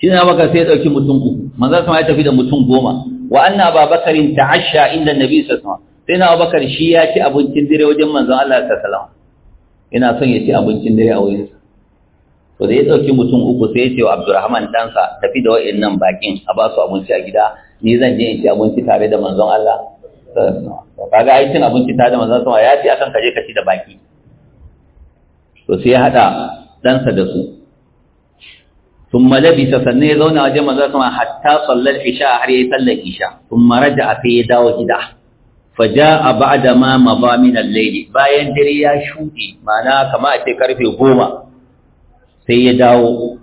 shi na maka sai ya ɗauki mutum ku, manzan sama ya tafi da mutum goma wa anna babakarin asha inda nabi sallallahu alaihi wasallam sai na abubakar shi ya ci abincin dire wajen manzon Allah sallallahu alaihi wasallam ina son ya ci abincin dire a wurinsa to da ya dauki mutum uku sai ya ce wa Abdurrahman ɗansa tafi da nan bakin a ba su abinci a gida ni zan je in ci abinci tare da manzon Allah kaga ai cin abinci tare da manzon Allah ya ce akan kaje ka ci da baki to sai ya hada ɗansa da su ثم ya zauna يزون وجه مزار كما hatta sallar isha har yayi sallar isha a sai ya dawo gida فجاء بعد ما ma من الليل bayan dare ya shuɗe, ma'ana kama a ce karfe goma sai ya dawo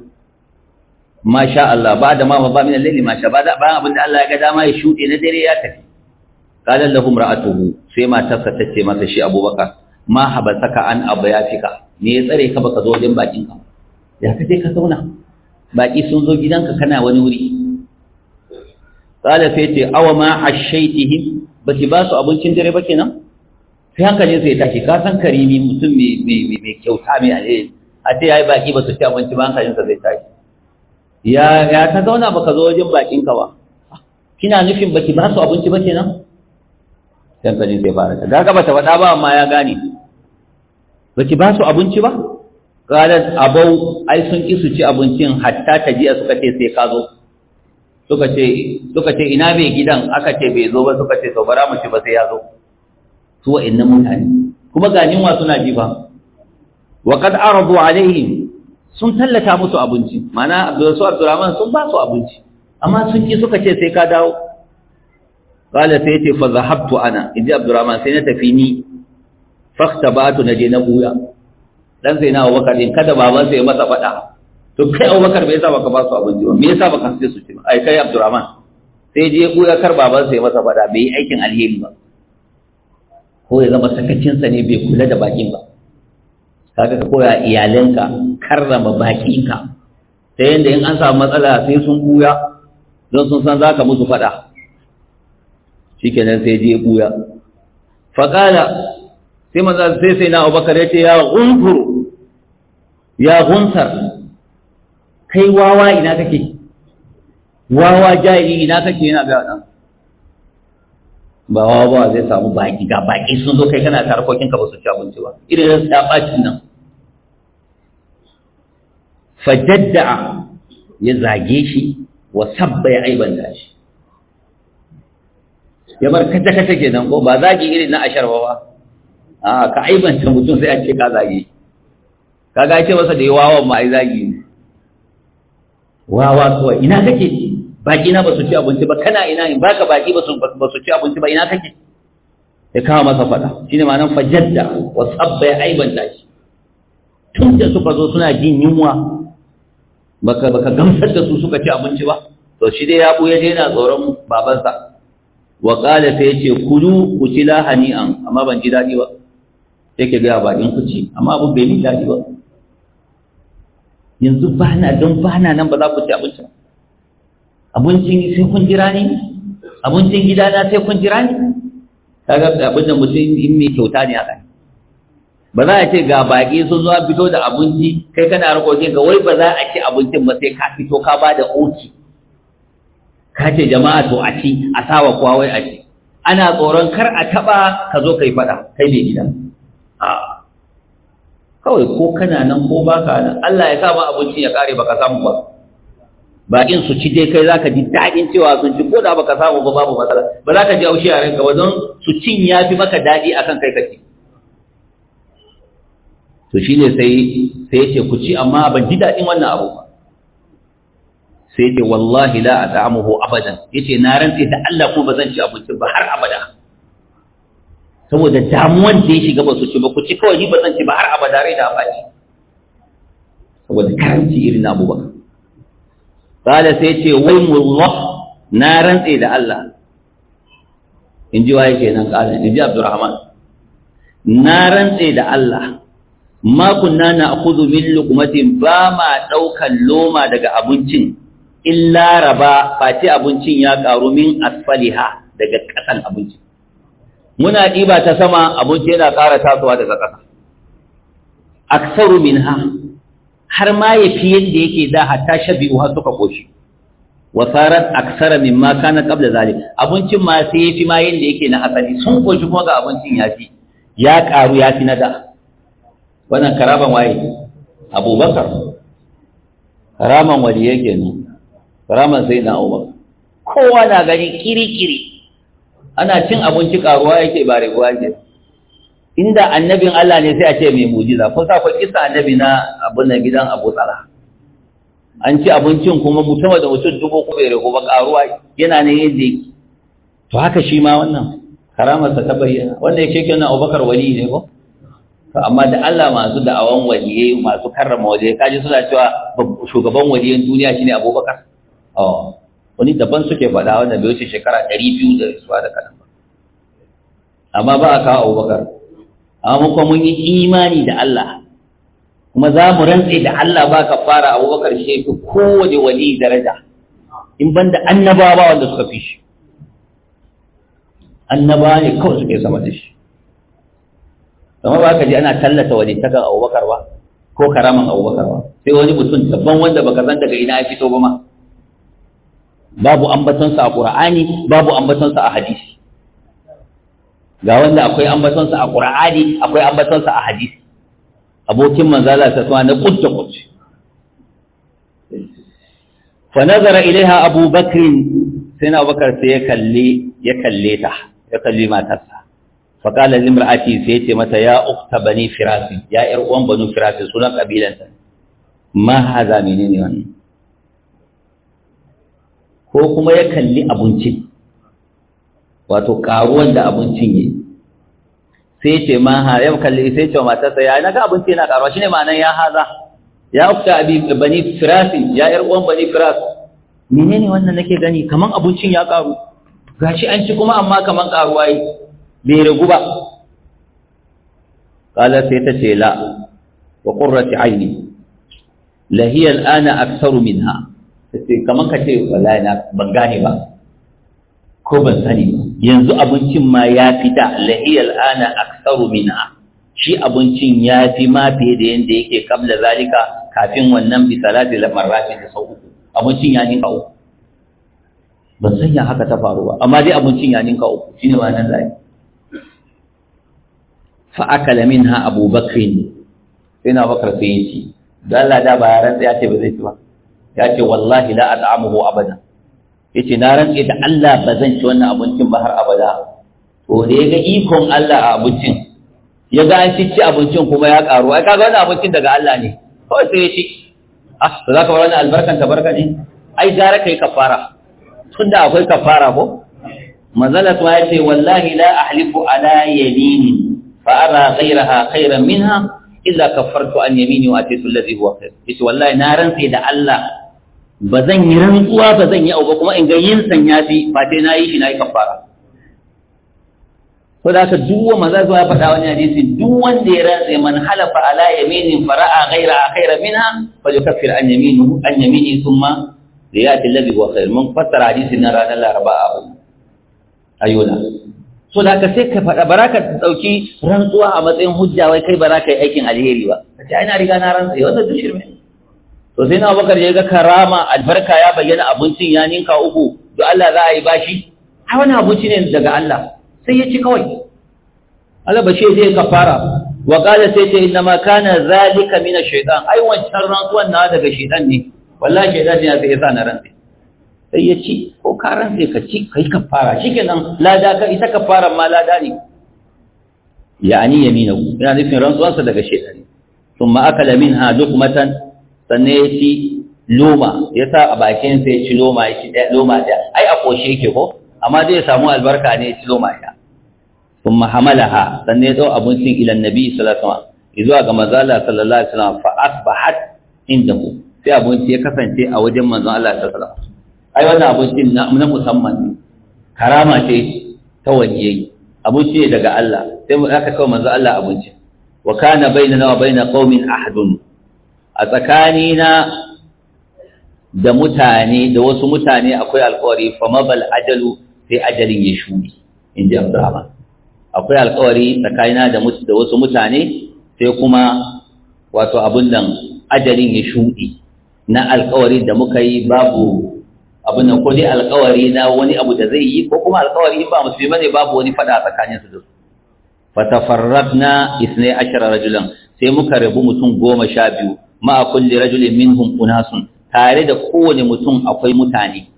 masha Allah ba da ma ba min al-layli masha ba da ba abin da Allah ya ga dama ya shuɗe na dare ya tafi qala lahum ra'atuhu sai matarsa ta ce masa shi Abubakar ma habasaka an abayatika me ya tsare ka baka zo wajen bakin ka ya kace ka zauna baki sun zo gidanka kana wani wuri qala sai ce awa ma hashaitihim baki ba su abincin dare ba kenan sai hankali sai ya tashi ka san karimi mutum mai kyauta mai alheri a ce ya yi baƙi ba su ci abinci ba hankalinsa zai tashi ya ya ta zauna baka zo wajen baƙin ka ba kina nufin baki ba su abinci ba kenan hankalin sai fara ta daga bata faɗa ba amma ya gane baki ba su abinci ba kada abau ai sun ki su ci abincin hatta ta jiya suka ce sai ka zo suka ce suka ce ina bai gidan aka ce bai zo ba suka ce to bara mu ci ba sai ya zo su wa'annan mutane kuma ganin wa suna ji ba wa Arabu aradu sun tallata musu abinci mana su abdurrahman sun ba su abinci amma sun ki suka ce sai ka dawo qala sai ce fa zahabtu ana inji abdurrahman sai na tafi ni fakta faktabatu na je na buya dan sai na Abubakar din kada baban sai masa faɗa, to kai Abubakar bai yasa baka ba su abinci ba me yasa baka sai su ci ai kai Abdurrahman sai je buya kar baban sai masa faɗa bai yi aikin alheri ba ko ya zama sakacinsa ne bai kula da bakin ba kaga ka koya iyalanka karrama bakinka ta yadda in an samu matsala sai sun buya don sun san zaka musu fada shikenan sai je buya faqala sai maza sai sai na Abubakar yace ya gunfuru ya gunsar kai wawa ina kake wawa jahili ina kake yana ga dan ba wawa ba zai samu baki ga baki sun zo kai kana tarkokin ka ba su ci abinci ba irin ya ɓacin nan fajadda ya zage shi wa sabba ya da shi ya bar kata kata nan, ko ba zagi irin na ashar ba a ka aibanta mutum sai a ce ka zage ka ga ce masa da ya wawa ma ai zagi ne wawa kawai ina kake baki na ba su ci abinci ba kana ina in baka baki ba su ba su ci abinci ba ina kake ya kawo masa fada shine ma'anar fajadda wa sabba ya aibanta shi tun da suka zo suna jin yunwa baka baka gamsar da su suka ci abinci ba to shi dai ya buya dai yana tsoron babansa wa qala fa yace kulu ku ci an, amma ban ji dadi ba Yake ga ba in ku ci amma abu bai ni dadi ba yanzu ba na don ba na nan ba za ku ci abinci abincin sai kun jira ne abincin gidana sai kun jira ne kaga abin da mutum in mai kyauta ne a kan. ba za a ce ga baƙi sun zuwa fito da abinci kai kana harkokin ka wai ba za a ci abincin ba sai ka fito ka ba da oki ka ce jama'a to a ci a sawa kowa wai a ci ana tsoron kar a taɓa ka zo kai faɗa kai ne gida a kawai ko kana nan ko ba ka nan Allah ya samu abincin ya kare baka samu ba Baƙin su ci dai kai za ka ji daɗin cewa sun ci ko da baka samu ba babu matsala ba za ka ji haushi a ranka ba don su cin ya fi maka daɗi akan kai ka ci to shi ne sai sai ce ku ci amma ban ji daɗin wannan abu ba sai ya ce wallahi la at'amuhu abadan ce na rantse da Allah ko ba zan ci abincin ba har abada saboda damuwan da ya shiga ba su ci ba ku ci kawai ni zan ci ba har abada rai da abaci saboda karanci irin abu ba. kala sai ya ce wai mullah na rantse da Allah in ji waye nan kala in ji Abdurrahman na rantse da Allah ma kunna kudu min luqmatin ba ma daukan loma daga abincin illa raba face abincin ya karu min asfaliha daga kasan abincin muna ɗiba ta sama abinci yana ƙara tasowa daga ƙasa aksaru minha har ma ya fi yadda yake da hatta biyu har suka koshi wa sarat aksara mimma kana qabla zalik abincin ma sai ya fi ma yanda yake na asali sun koshi kuma ga abincin ya fi, ya karu fi na da wannan karaman waye abubakar karaman waliye kenan karaman sai na umar kowa na gani kirikiri ana cin abinci karuwa yake ba raguwa yake inda annabin Allah ne sai a ce mai mujiza ko sa ku kisa annabi na abun nan gidan Abu Tsala an ci abincin kuma mutum da mutum dubo ko bai rago karuwa yana ne yadda to haka shi ma wannan Karamar sa ta bayyana wanda yake kenan Abubakar wali ne ko amma da Allah masu da'awan waliye masu karrama waliye kaji suna cewa shugaban waliyen duniya shine Abubakar oh wani daban suke faɗa wannan bai wuce shekara 200 da suwa da kadan ba amma ba a kawo Abubakar amma kuma mun yi imani da Allah kuma za mu rantse da Allah ba ka fara Abubakar shi fi kowace wali daraja in banda annabawa wanda suka fi shi annabawa ne kawai suke sama da shi kamar ba ka ji ana tallata walittakan abubakar ba ko karaman abubakar ba sai wani mutum daban wanda baka san daga ina ya fito ba ma babu ambatonsa a qur'ani babu ambatonsa a hadisi ga wanda akwai ambatonsa a qur'ani akwai ambatonsa a hadisi abokin manzala ta tsawa na kunta kunta fa nazara ilaiha abubakar sai na abubakar sai ya kalle ya kalle ta ya kalle matarsa faƙalar limra'ati sai ce mata ya ukta bani firasi ya ƴar uwan banu firasi sunan ƙabilanta ma haza menene wannan ko kuma ya kalli abincin wato ƙaruwan da abincin yi sai ce ma ha ya kalli sai ce matarsa ya na ga abinci yana ƙaruwa shine ma'anar ya haza ya ukta abi bani firasi ya ƴar uwan bani firasi menene wannan nake gani kaman abincin ya ƙaru gashi an ci kuma amma kaman ƙaruwa yi bai ragu ba kala sai ta ce la wa qurrati aini la hiya al'ana aktsaru minha sai kaman ka ce wallahi na ban gane ba ko ban sani ba yanzu abincin ma ya fi da la hiya al'ana aktsaru minha shi abincin ya fi ma fiye da yanda yake kabla zalika kafin wannan bi salati lamarrati da sau uku abincin ya ninka uku ban sanya haka ta faru ba amma dai abincin ya ninka uku shine ma nan zai fa akala ha Abu Bakr sai na Bakar sai ya ci dan Allah da ba ran ya ce ba zai ci ba ya ce wallahi la at'amuhu abada yace na rantse da Allah ba zan ci wannan abincin ba har abada to da ya ga ikon Allah a abincin ya ga an ci abincin kuma ya karu ai kaga wannan abincin daga Allah ne kawai sai ya ci ah za ka bar wannan albarkan ta barka ne ai gara kai kafara da akwai kafara ko manzala kuma ya ce wallahi la ahlifu ala yaminin fa ara ghayraha khayran minha illa kaffartu an yamini wa atitu alladhi huwa khair yace wallahi na rantse da Allah ba zan yi rantsuwa ba zan yi auba kuma in ga yin san ya fi ba dai na yi shi na yi kafara ko da haka duk wanda maza zuwa faɗa wani hadisi duk wanda ya rantse man halafa ala yaminin fara'a a khaira minha falyukaffir an yaminu an yamini ya liyati alladhi huwa khair mun fassara hadisin na ranar laraba a ayyuna to da ka sai ka faɗa ba za ka ɗauki rantsuwa a matsayin hujja wai kai ba za ka yi aikin alheri ba ka ce ina riga na rantsa wannan duk shirme to sai na bakar ya ga karama albarka ya bayyana abincin ya ninka uku to Allah za a yi bashi ai wani abinci ne daga Allah sai ya ci kawai Allah ba shi zai kafara wa qala sai ce inna ma kana zalika min ash-shaytan ai wancan rantsuwan na daga shaytan ne wallahi shaytan ne ya sa na rantsa sai ya ci ko karan sai ka ci kai kafara shikenan lada ka ita ka fara ma lada ne ya'ani yaminahu yana nufin rantsuwansa daga shaytani thumma ha duk matan sannan ya ci loma ya sa a bakin sa ya ci loma ya ci loma da ai a koshe yake ko amma zai samu albarka ne ya ci loma ya thumma hamalaha sannan ya dau abincin ila annabi sallallahu alaihi wasallam zuwa ga manzala sallallahu alaihi wasallam fa asbahat indahu sai abinci ya kasance a wajen manzon Allah sallallahu alaihi wasallam ai wannan abinci na musamman ne karama ce ta waliyayi abinci ne daga Allah sai mu aka kawo manzo Allah abinci wa kana bainana wa baina qaumin ahadun a tsakanina da mutane da wasu mutane akwai alƙawari fa mabal ajalu sai ajalin ya shuri in ji Abdurrahman akwai alƙawari tsakanina da da wasu mutane sai kuma wato abun nan ajalin ya shudi na alƙawari da muka yi babu abin nan ko dai alkawari na wani abu da zai yi ko kuma alkawari in ba musulmi bane babu wani fada tsakanin su da fa tafarradna isnai ashara rajulan sai muka rabu mutum goma sha biyu ma'a kulli rajulin minhum unasun tare da kowane mutum akwai mutane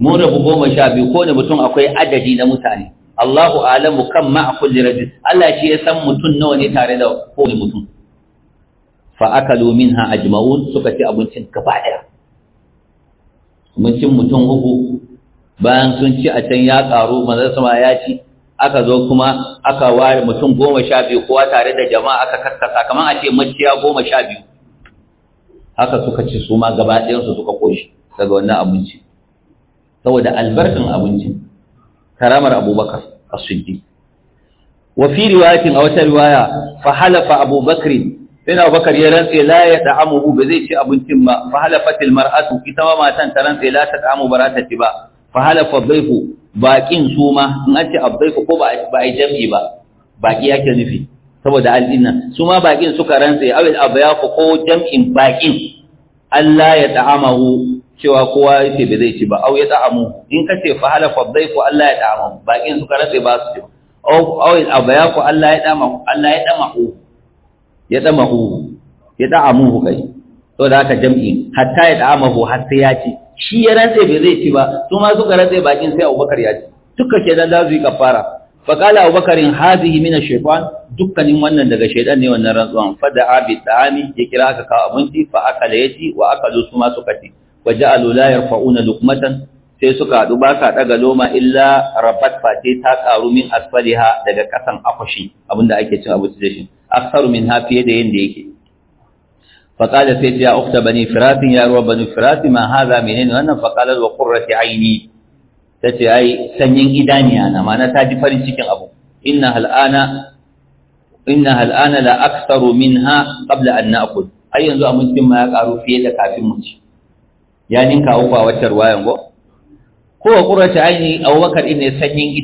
mun rabu goma sha biyu kowane mutum akwai adadi na mutane Allahu alamu kan ma'a kulli rajul Allah shi ya san mutum nawa ne tare da kowane mutum fa akalu minha ajma'un suka ci abincin gaba daya mun ci mutum uku bayan sun ci a can ya ƙaru manzon sama ya ci aka zo kuma aka ware mutum goma sha biyu kowa tare da jama'a aka kaskasa kamar a ce maciya goma sha biyu haka suka ci su ma gaba ɗayansu suka ƙoshi daga wannan abinci saboda albarkan abinci, karamar abubakar as-siddiq wa fi riwayatin a wata riwaya fa halafa abubakar sai na ya rantse la ya da'amuhu ba zai ci abincin ba fa halafatil mar'atu ita ma matan ta rantse la ta da'amu ba za ci ba fa halafa dhaifu baqin su ma in an ce abdaifu ko ba a yi jam'i ba baqi yake nufi saboda al'inna su ma baqin suka rantse awil abyafu ko jam'in baqin Allah ya da'amahu cewa kowa yace ba zai ci ba au ya da'amu in ka ce fa halafa dhaifu Allah ya da'amu baqin suka rantse ba su ci ba au awil abyafu Allah ya da'amahu Allah ya da'amahu ya damahu ya kai to da haka jam'i hatta ya da'amahu har sai ya ci shi ya rantse bai zai ci ba su ma suka rantse bakin sai Abubakar ya ci duka kenan za su yi kafara fa qala Abubakar hadhihi min ash-shaytan dukkanin wannan daga shaytan ne wannan rantsuwan fa da'a bi ta'ami ya kira aka kawo abinci fa akala yaci wa akalu su ma suka ci wa ja'alu la yarfa'una luqmatan sai suka haɗu ba sa ɗaga loma illa rabat fate ta ƙaru min asfaliha daga ƙasan akwashi abinda ake cin abinci da shi aksaru min ha fiye da yadda yake faƙala sai ce ya ukta bani firatin ya ruwa bani firati ma haza menene wannan faƙalar wa qurrati aini ta ce ai sanyin idaniya na ma'ana ta ji farin cikin abu inna hal'ana inna hal'ana la aksaru minha qabla an na'kul ai yanzu a cikin ma ya karu fiye da kafin mu ci ya ninka uku a wacce ruwayan go ko wa qurrati aini abubakar ne sanyin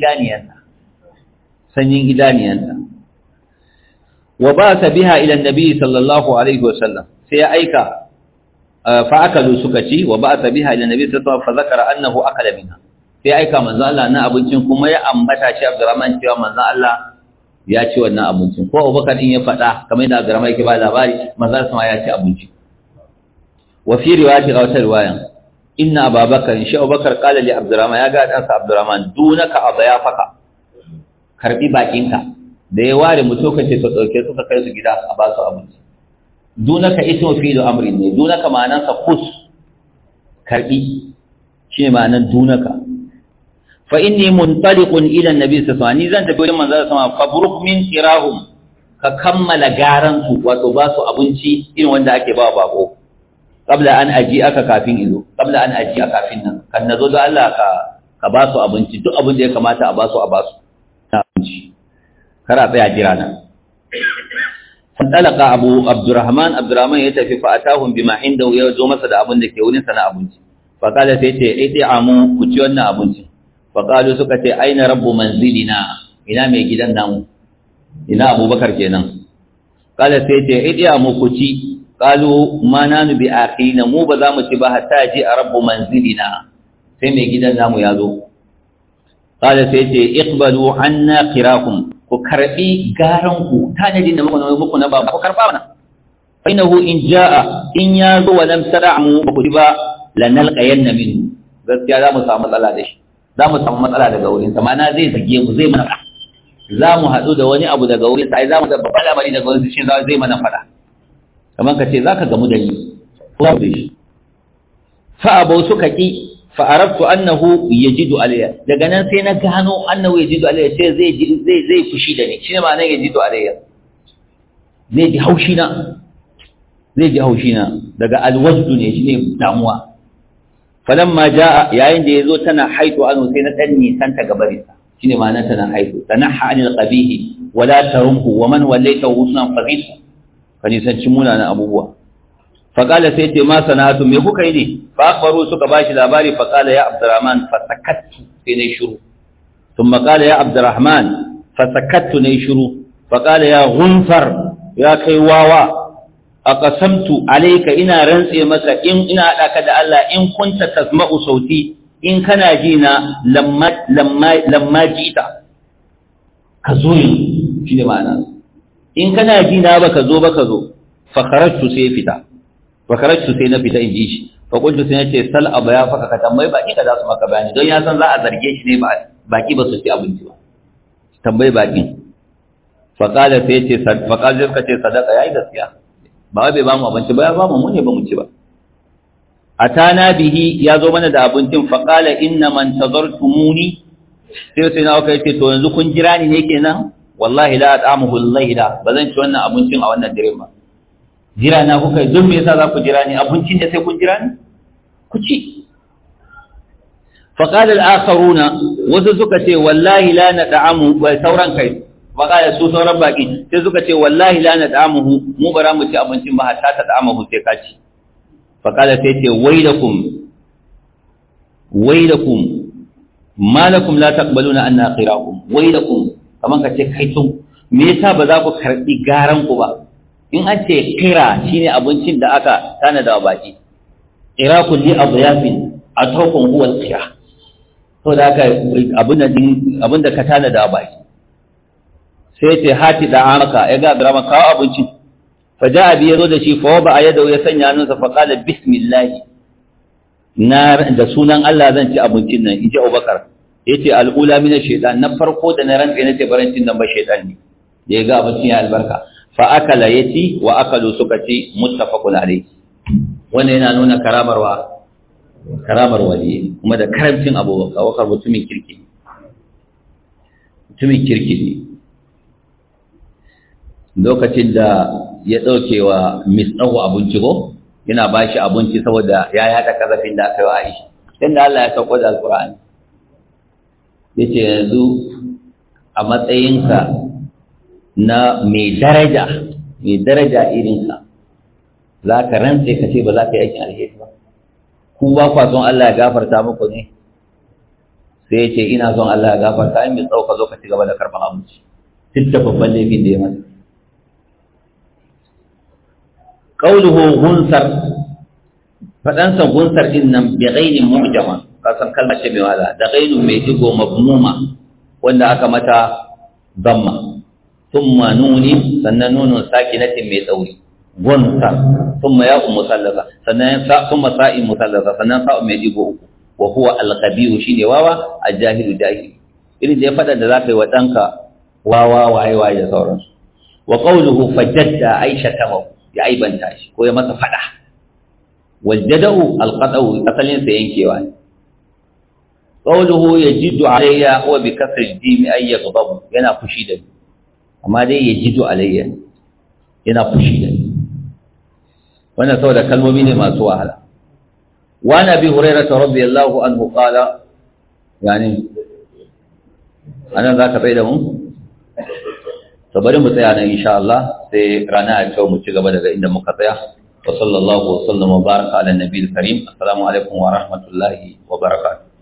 idaniyan wa ba ta biha ila annabi sallallahu alaihi wasallam sai ya aika uh, fa akalu suka ci wa ba ta biha ila annabi sallallahu fa zakara annahu akala minha sai ya aika manzo Allah na abincin kuma ya ambata shi Abdurrahman cewa manzo Allah ya ci wannan abincin ko Abubakar din ya faɗa kamar yadda Abdurrahman yake ba labari manzo Allah ya ci abinci wa fi riwayati wata riwaya inna babakar shi abubakar kala li abdurrahman ya ga ɗansa abdurrahman dunaka a bayafaka karbi ka. da ya ware mutum kace su dauke suka kai su gida a ba su abinci dunaka ismu fi da amri ne dunaka ma'anarsa kus karbi shine ma'anar dunaka fa inni muntaliqun ila annabi sallallahu alaihi wasallam zan tafi wurin sallallahu sama wasallam fabruk min irahum ka kammala garan su wato ba su abinci irin wanda ake ba bako qabla an aji aka kafin izo qabla an aji aka kafin nan kan nazo da Allah ka ka ba su abinci duk abin da ya kamata a ba su a ba su Kar kara tsaya jira na fadalaka abu abdurrahman abdurrahman ya tafi fa atahum bima inda ya zo masa da abin da ke wurin sana abinci fa kala sai ce ai amu ku ci wannan abinci fa kalu suka ce aina rabbu manzilina ina mai gidan namu ina abubakar kenan kala sai ce ai amu ku ci kalu ma nanu bi akhina mu ba za mu ci ba hatta ji a rabbu manzilina sai mai gidan namu ya zo kala sai ce iqbalu anna qirakum ku karbi garan ku tanadi da muku muku na ba ku karba mana fa innahu in jaa in ya zo wa lam tara'mu ba ku ba lanalqayanna min gaskiya za mu samu matsala da shi za mu samu matsala daga wurin sa mana zai zage mu zai mana za mu hadu da wani abu daga wurin sa ai za mu da bala bari daga wurin shi zai mana fada kamar ka ce za ka gamu da ni ko da shi fa abu suka ki fa arabtu annahu yajidu alayya daga nan sai na gano annahu yajidu alayya sai zai zai zai fushi da ni shine ma nan yajidu alayya zai ji haushi na zai ji haushi na daga alwajdu ne shine damuwa falamma jaa yayin da yazo tana haitu anu sai na dan nisan ta gabarin sa shine ma'anar tana haitu tanaha anil qabihi wala tarumhu wa man wallayta husnan faqih ka nisanci munanan abubuwa faƙala sai ce ma sana'atu me kuka yi ne fa akbaru suka bashi labari faƙala ya abdurrahman fa sakattu sai nayi shiru thumma qala ya abdurrahman fa sakattu nayi shiru faƙala ya gunfar ya kai wawa A ƙasamtu alaika ina rantse maka in ina haɗa ka da Allah in kunta tasma'u sauti in kana ji na lamma lamma lamma ka zo yi shi ne ma'ana in kana ji na baka zo baka zo fa kharajtu sai fita fa karatu sai na fita in ji shi fa kuntu sai nace sal abu ya faka ka tambayi baki ka za su maka bayani don ya san za a zarge shi ne ba baki ba su ci abinci ba tambayi baki fa qala sai yace fa qala ka ce sadaka yayi gaskiya ba bai ba mu abinci ba ya ba mu mun ne ba mu ci ba atana bihi ya zo mana da abincin fa qala inna man tazartumuni sai sai na kai ce to yanzu kun jira ni ne kenan wallahi la at'amuhu lillahi Ba bazan ci wannan abincin a wannan dare ba jira na kuka yi me yasa za ku jira ni abincin ne sai kun jira ni ku ci faƙali al'akaruna wasu suka ce wallahi la na ɗa'amu bai sauran kai faƙali su sauran baƙi sai suka ce wallahi la na ɗa'amu mu bara mu ci abincin ba hatta ta ɗa'amu sai ka ci faƙali sai ce wai da kum wai malakum la taqbaluna anna khirakum wai da kum kamar ka ce kai tun me yasa ba za ku karɓi garan ku ba in an ce kira shine abincin da aka tana da baki kira kulli abyafin a huwa huwal kira to da aka abin da abin da ka tana da baki sai ce hati da anka ya ga drama kawo abincin fa abi bi yazo da shi fa ba ayado ya sanya nan sa fa qala bismillah na da sunan Allah zan ci abincin nan in ji Abubakar yace al'ula min ash-shaytan na farko da na rantsa ce barancin nan ba shaytan ne da ya ga abincin ya albarka fa akala yati wa akalu suka ci muttafaqun alayhi wannan yana nuna karamar wa karamar wali kuma da karamcin abubakar wakar mutumin kirki tumin kirki ne lokacin da ya ɗauke wa misɗahu abinci ko yana ba shi abinci saboda ya yi haɗa ƙazafin da aka yi wa aisha sai Allah ya sauko da alƙur'ani ya ce yanzu a matsayinka na mai daraja mai daraja irinsa za ka rantse ka ce ba za ka yi aikin alheri ba ku ba kwa son Allah ya gafarta muku ne sai ya ce ina son Allah ya gafarta in mai ka zo ka ci gaba da karɓar abinci duk da babban laifin da ya masa qauluhu gunsar fadansa gunsar din nan bi ghaini mu'jama kasan kalma ce mai wala da ghainu mai digo mabmuma wanda aka mata damma thumma nuni sannan nunun sakinatin mai tsauri gonsa thumma ya ummu musallaka sannan sa'u mai digo uku wa huwa al-khabiru wawa al-jahilu jahil irin da ya fada da zaka yi wa danka wawa waye waye da sauransu wa qawluhu fajadda aisha tamam ya aibanta shi ko ya masa fada waljada'u alqata'u asalin sa yankewa ne qawluhu yajidu alayya huwa bi jimi yana fushi da ni amma dai ya jido alayya yana fushi da ni wannan saboda kalmomi ne masu wahala wa nabi hurairata radiyallahu anhu qala yani anan za ka tsaye da mu to bari mu tsaya nan insha Allah sai rana ya kawo mu ci gaba daga inda muka tsaya wa sallallahu wa sallama baraka ala nabiyil karim assalamu alaikum wa rahmatullahi wa barakatuh